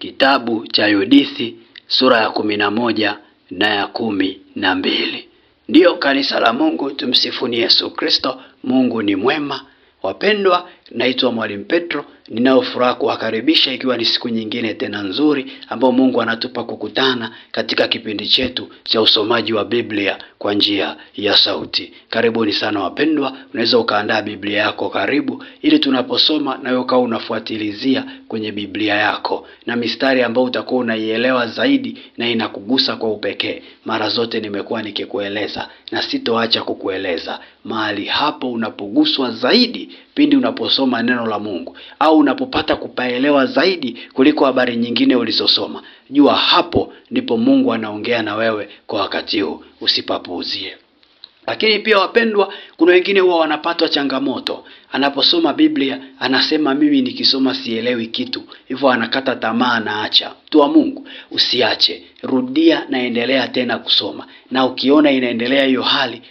Kitabu cha Yudisi sura ya kumi na moja na ya kumi na mbili. Ndiyo kanisa la Mungu, tumsifuni Yesu Kristo. Mungu ni mwema. Wapendwa, naitwa Mwalimu Petro. Ninao furaha kuwakaribisha ikiwa ni siku nyingine tena nzuri ambayo Mungu anatupa kukutana katika kipindi chetu cha usomaji wa Biblia kwa njia ya sauti. Karibuni sana wapendwa, unaweza ukaandaa Biblia yako karibu, ili tunaposoma wewe ukawa unafuatilizia kwenye Biblia yako, na mistari ambayo utakuwa unaielewa zaidi na inakugusa kwa upekee. Mara zote nimekuwa nikikueleza na sitoacha kukueleza, mahali hapo unapoguswa zaidi pindi unaposoma neno la Mungu au unapopata kupaelewa zaidi kuliko habari nyingine ulizosoma, jua hapo ndipo Mungu anaongea na wewe kwa wakati huu, usipapuuzie. Lakini pia wapendwa, kuna wengine huwa wanapatwa changamoto anaposoma Biblia, anasema mimi nikisoma sielewi kitu, hivyo anakata tamaa na acha tu. Wa Mungu usiache, rudia na endelea tena kusoma, na ukiona inaendelea hiyo hali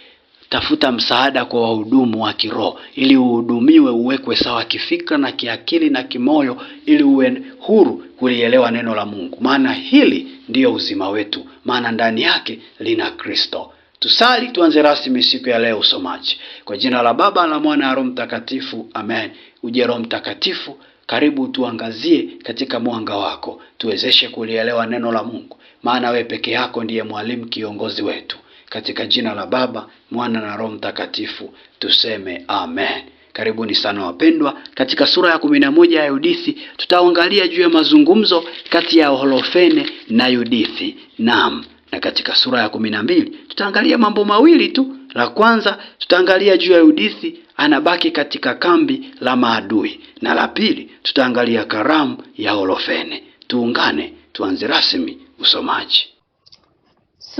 tafuta msaada kwa wahudumu wa kiroho ili uhudumiwe, uwekwe sawa kifikra na kiakili na kimoyo, ili uwe huru kulielewa neno la Mungu, maana hili ndiyo uzima wetu, maana ndani yake lina Kristo. Tusali, tuanze rasmi siku ya leo usomaji. Kwa jina la Baba la Mwana na Roho Mtakatifu, amen. Uje Roho Mtakatifu, karibu tuangazie katika mwanga wako, tuwezeshe kulielewa neno la Mungu, maana wewe peke yako ndiye mwalimu, kiongozi wetu katika jina la Baba, Mwana na Roho Mtakatifu, tuseme amen. Karibuni sana wapendwa, katika sura ya kumi na moja ya Yudithi tutaangalia juu ya mazungumzo kati ya Holofene na Yudithi. Naam, na katika sura ya kumi na mbili tutaangalia mambo mawili tu. La kwanza tutaangalia juu ya Yudithi anabaki katika kambi la maadui, na la pili tutaangalia karamu ya Holofene. Tuungane tuanze rasmi usomaji.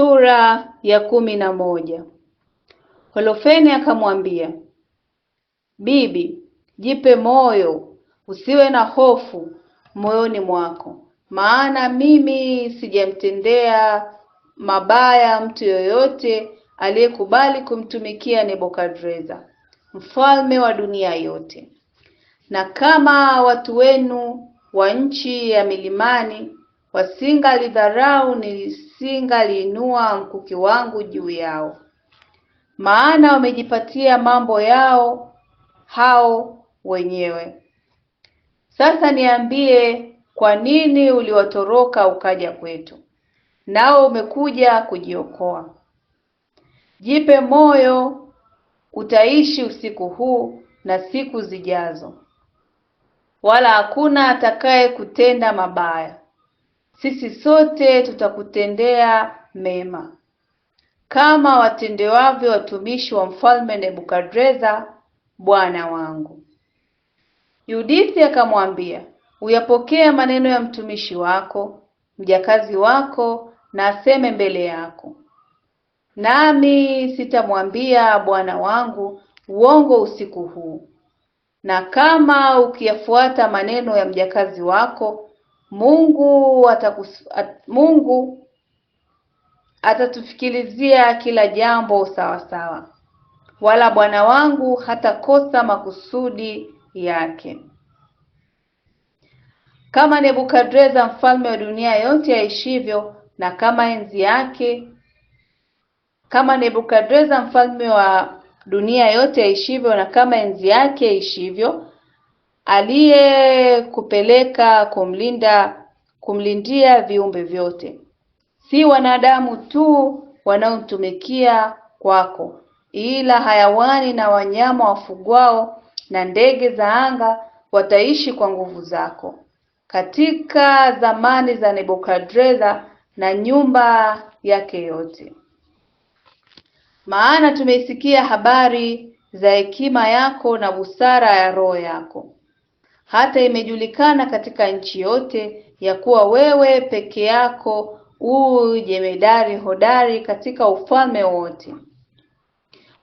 Sura ya kumi na moja. Holofeni akamwambia, Bibi, jipe moyo, usiwe na hofu moyoni mwako, maana mimi sijamtendea mabaya mtu yoyote aliyekubali kumtumikia Nebukadreza, mfalme wa dunia yote. Na kama watu wenu wa nchi ya milimani wasingalidharau ni singaliinua mkuki wangu juu yao, maana wamejipatia mambo yao hao wenyewe. Sasa niambie, kwa nini uliwatoroka ukaja kwetu, nao umekuja kujiokoa? Jipe moyo, utaishi usiku huu na siku zijazo, wala hakuna atakaye kutenda mabaya sisi sote tutakutendea mema kama watendewavyo watumishi wa mfalme Nebukadreza bwana wangu. Yudithi akamwambia, uyapokea maneno ya mtumishi wako mjakazi wako, na aseme mbele yako, nami sitamwambia bwana wangu uongo usiku huu. Na kama ukiyafuata maneno ya mjakazi wako Mungu atakus, at, Mungu atatufikilizia kila jambo sawasawa sawa. Wala Bwana wangu hatakosa makusudi yake. Kama Nebukadreza mfalme wa dunia yote aishivyo, na kama enzi yake kama Nebukadreza mfalme wa dunia yote aishivyo, na kama enzi yake aishivyo aliyekupeleka kumlinda kumlindia viumbe vyote, si wanadamu tu wanaomtumikia kwako, ila hayawani na wanyama wafugwao na ndege za anga wataishi kwa nguvu zako. Katika zamani za Nebukadreza na nyumba yake yote, maana tumeisikia habari za hekima yako na busara ya roho yako hata imejulikana katika nchi yote ya kuwa wewe peke yako u jemedari hodari katika ufalme wote,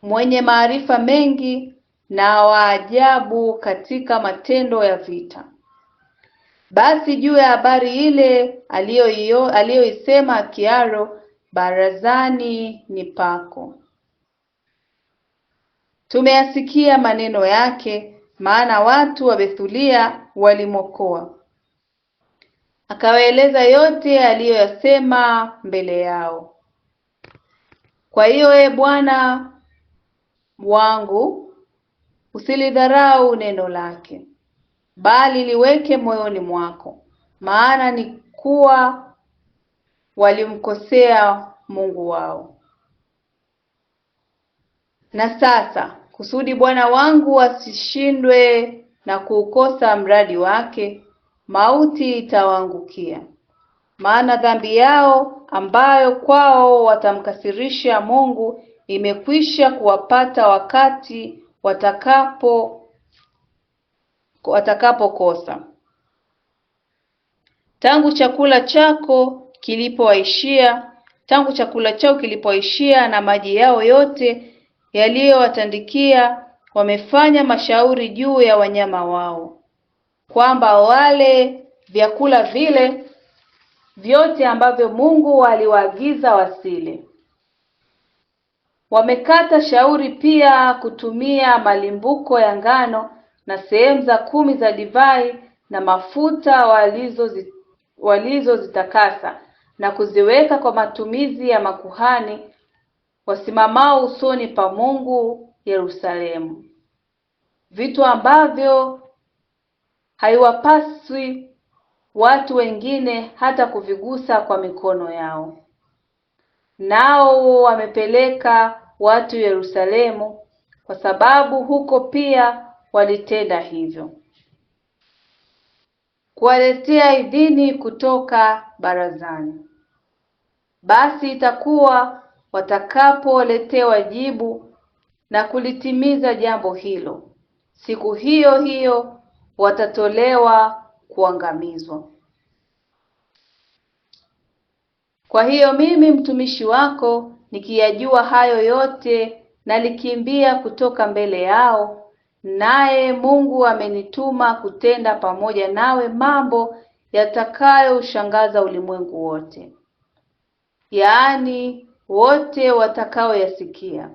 mwenye maarifa mengi na waajabu katika matendo ya vita. Basi juu ya habari ile aliyoisema kiaro barazani ni pako, tumeyasikia maneno yake maana watu wa Bethulia walimwokoa. Akawaeleza yote aliyoyasema mbele yao. Kwa hiyo, e Bwana wangu, usilidharau neno lake, bali liweke moyoni mwako, maana ni kuwa walimkosea Mungu wao. Na sasa kusudi bwana wangu asishindwe na kuukosa mradi wake, mauti itawaangukia. Maana dhambi yao ambayo kwao watamkasirisha Mungu imekwisha kuwapata wakati watakapo watakapokosa. Tangu chakula chako kilipowaishia, tangu chakula chao kilipowaishia na maji yao yote yaliyowatandikia wamefanya mashauri juu ya wanyama wao, kwamba wale vyakula vile vyote ambavyo Mungu aliwaagiza wasile. Wamekata shauri pia kutumia malimbuko ya ngano na sehemu za kumi za divai na mafuta walizozitakasa walizo na kuziweka kwa matumizi ya makuhani wasimamao usoni pa Mungu Yerusalemu, vitu ambavyo haiwapaswi watu wengine hata kuvigusa kwa mikono yao. Nao wamepeleka watu Yerusalemu, kwa sababu huko pia walitenda hivyo, kuwaletea idhini kutoka barazani. Basi itakuwa watakapoletewa jibu na kulitimiza jambo hilo, siku hiyo hiyo watatolewa kuangamizwa. Kwa hiyo mimi mtumishi wako nikiyajua hayo yote, nalikimbia kutoka mbele yao, naye Mungu amenituma kutenda pamoja nawe mambo yatakayoushangaza ulimwengu wote. Yaani wote watakaoyasikia.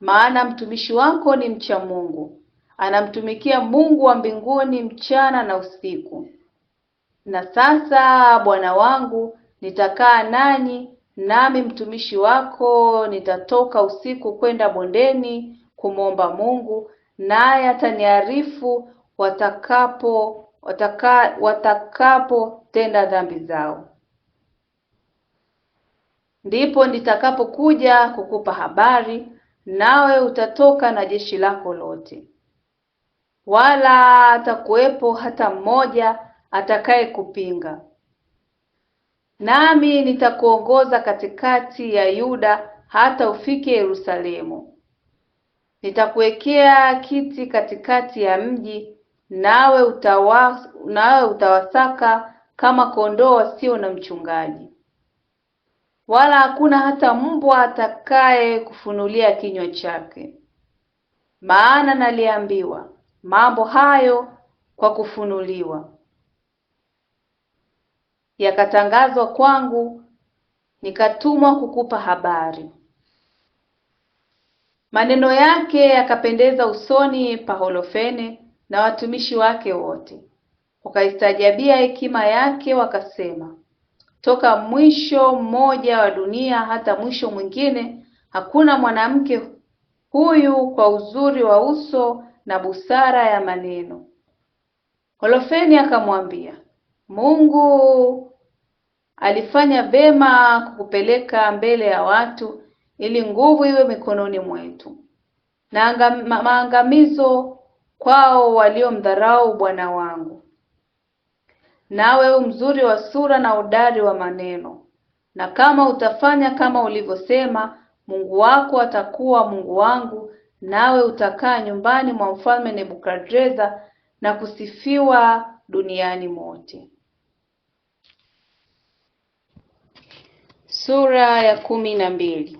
Maana mtumishi wako ni mcha Mungu, anamtumikia Mungu wa mbinguni mchana na usiku. Na sasa, Bwana wangu, nitakaa nanyi, nami mtumishi wako nitatoka usiku kwenda bondeni kumwomba Mungu, naye ataniarifu watakapo watakapotenda dhambi zao ndipo nitakapokuja kukupa habari, nawe utatoka na jeshi lako lote, wala atakuwepo hata mmoja atakaye kupinga. Nami nitakuongoza katikati ya Yuda hata ufike Yerusalemu. Nitakuwekea kiti katikati ya mji, nawe utawa, nawe utawasaka kama kondoo wasio na mchungaji wala hakuna hata mbwa atakaye kufunulia kinywa chake. Maana naliambiwa mambo hayo kwa kufunuliwa, yakatangazwa kwangu, nikatumwa kukupa habari. Maneno yake yakapendeza usoni pa Holofene na watumishi wake wote, wakaistajabia hekima yake, wakasema toka mwisho mmoja wa dunia hata mwisho mwingine, hakuna mwanamke huyu kwa uzuri wa uso na busara ya maneno. Holofeni akamwambia, Mungu alifanya vema kukupeleka mbele ya watu ili nguvu iwe mikononi mwetu na maangamizo kwao waliomdharau bwana wangu nawe u mzuri wa sura na udari wa maneno. Na kama utafanya kama ulivyosema, Mungu wako atakuwa Mungu wangu, nawe utakaa nyumbani mwa mfalme Nebukadreza na kusifiwa duniani mote. Sura ya kumi na mbili.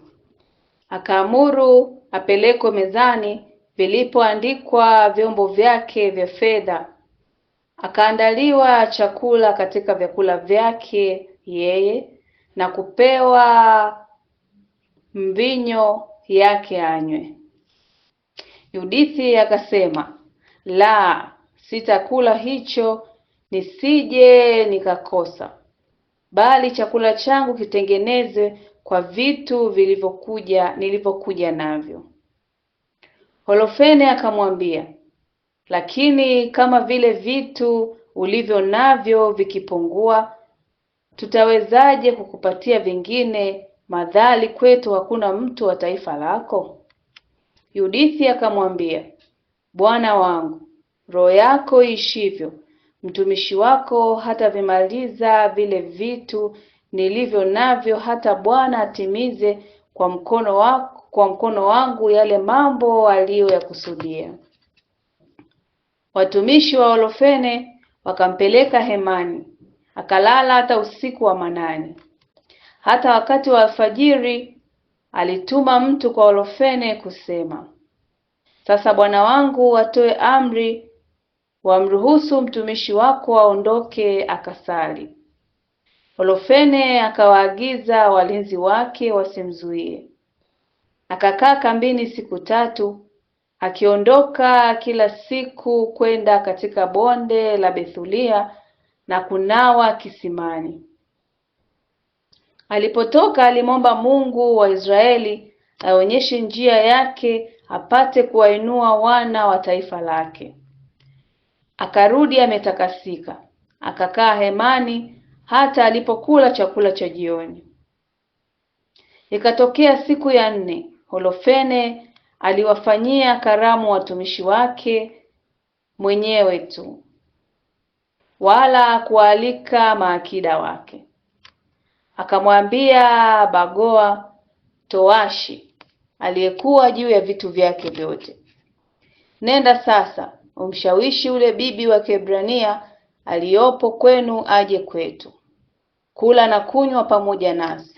Akaamuru apelekwe mezani vilipoandikwa vyombo vyake vya fedha akaandaliwa chakula katika vyakula vyake yeye na kupewa mvinyo yake anywe. Yudithi akasema, la, sitakula hicho nisije nikakosa, bali chakula changu kitengenezwe kwa vitu vilivyokuja nilivyokuja navyo. Holofene akamwambia, lakini kama vile vitu ulivyo navyo vikipungua, tutawezaje kukupatia vingine, madhali kwetu hakuna mtu wa taifa lako? Yudithi akamwambia, Bwana wangu, roho yako ishivyo, mtumishi wako hatavimaliza vile vitu nilivyo navyo, hata Bwana atimize kwa mkono wako, kwa mkono wangu yale mambo aliyoyakusudia. Watumishi wa Olofene wakampeleka hemani, akalala hata usiku wa manane. Hata wakati wa alfajiri alituma mtu kwa Olofene kusema, sasa bwana wangu watoe amri wamruhusu mtumishi wako aondoke akasali. Olofene akawaagiza walinzi wake wasimzuie. Akakaa kambini siku tatu akiondoka kila siku kwenda katika bonde la Bethulia na kunawa kisimani. Alipotoka alimwomba Mungu wa Israeli aonyeshe njia yake apate kuwainua wana wa taifa lake. Akarudi ametakasika, akakaa hemani hata alipokula chakula cha jioni. Ikatokea siku ya nne, Holofene aliwafanyia karamu watumishi wake mwenyewe tu, wala kuwaalika maakida wake. Akamwambia Bagoa toashi aliyekuwa juu ya vitu vyake vyote, nenda sasa umshawishi ule bibi wa Kebrania aliyopo kwenu aje kwetu kula na kunywa pamoja nasi,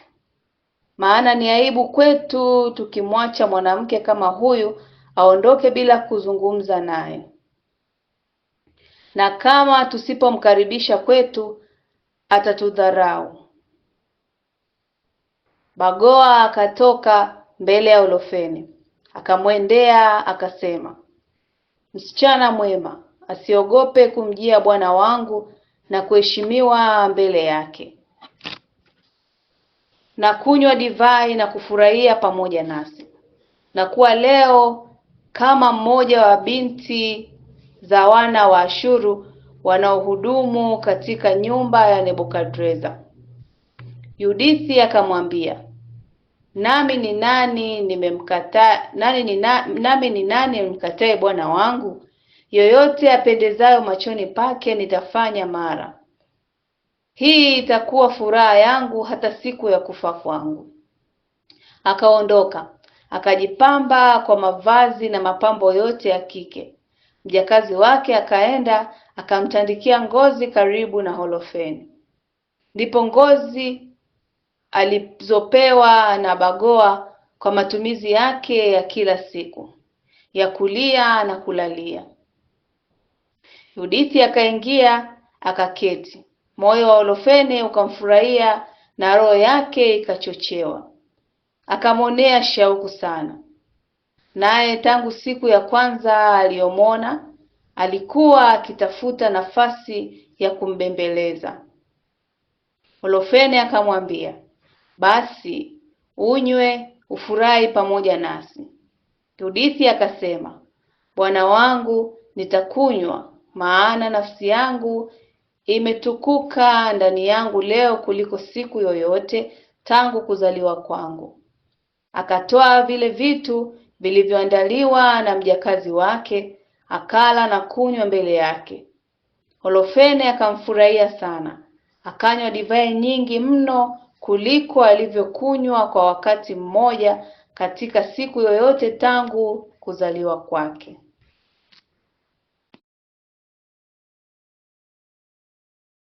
maana ni aibu kwetu tukimwacha mwanamke kama huyu aondoke bila kuzungumza naye, na kama tusipomkaribisha kwetu atatudharau. Bagoa akatoka mbele ya Olofeni akamwendea akasema, msichana mwema, asiogope kumjia bwana wangu na kuheshimiwa mbele yake na kunywa divai na kufurahia pamoja nasi, na kuwa leo kama mmoja wa binti za wana wa Ashuru wanaohudumu katika nyumba ya Nebukadreza. Yudithi akamwambia, nami ni nani nimemkataa nani ni na, nami ni nani nimemkatae bwana wangu? Yoyote apendezayo machoni pake nitafanya mara hii itakuwa furaha yangu hata siku ya kufa kwangu. Akaondoka akajipamba kwa mavazi na mapambo yote ya kike. Mjakazi wake akaenda akamtandikia ngozi karibu na Holofeni. Ndipo ngozi alizopewa na Bagoa kwa matumizi yake ya kila siku ya kulia na kulalia. Yudithi akaingia akaketi Moyo wa Olofene ukamfurahia na roho yake ikachochewa, akamwonea shauku sana. Naye tangu siku ya kwanza aliyomwona alikuwa akitafuta nafasi ya kumbembeleza. Olofene akamwambia, basi unywe, ufurahi pamoja nasi. Yudithi akasema, bwana wangu, nitakunywa, maana nafsi yangu imetukuka ndani yangu leo kuliko siku yoyote tangu kuzaliwa kwangu. Akatoa vile vitu vilivyoandaliwa na mjakazi wake, akala na kunywa mbele yake. Holofene akamfurahia sana, akanywa divai nyingi mno kuliko alivyokunywa kwa wakati mmoja katika siku yoyote tangu kuzaliwa kwake.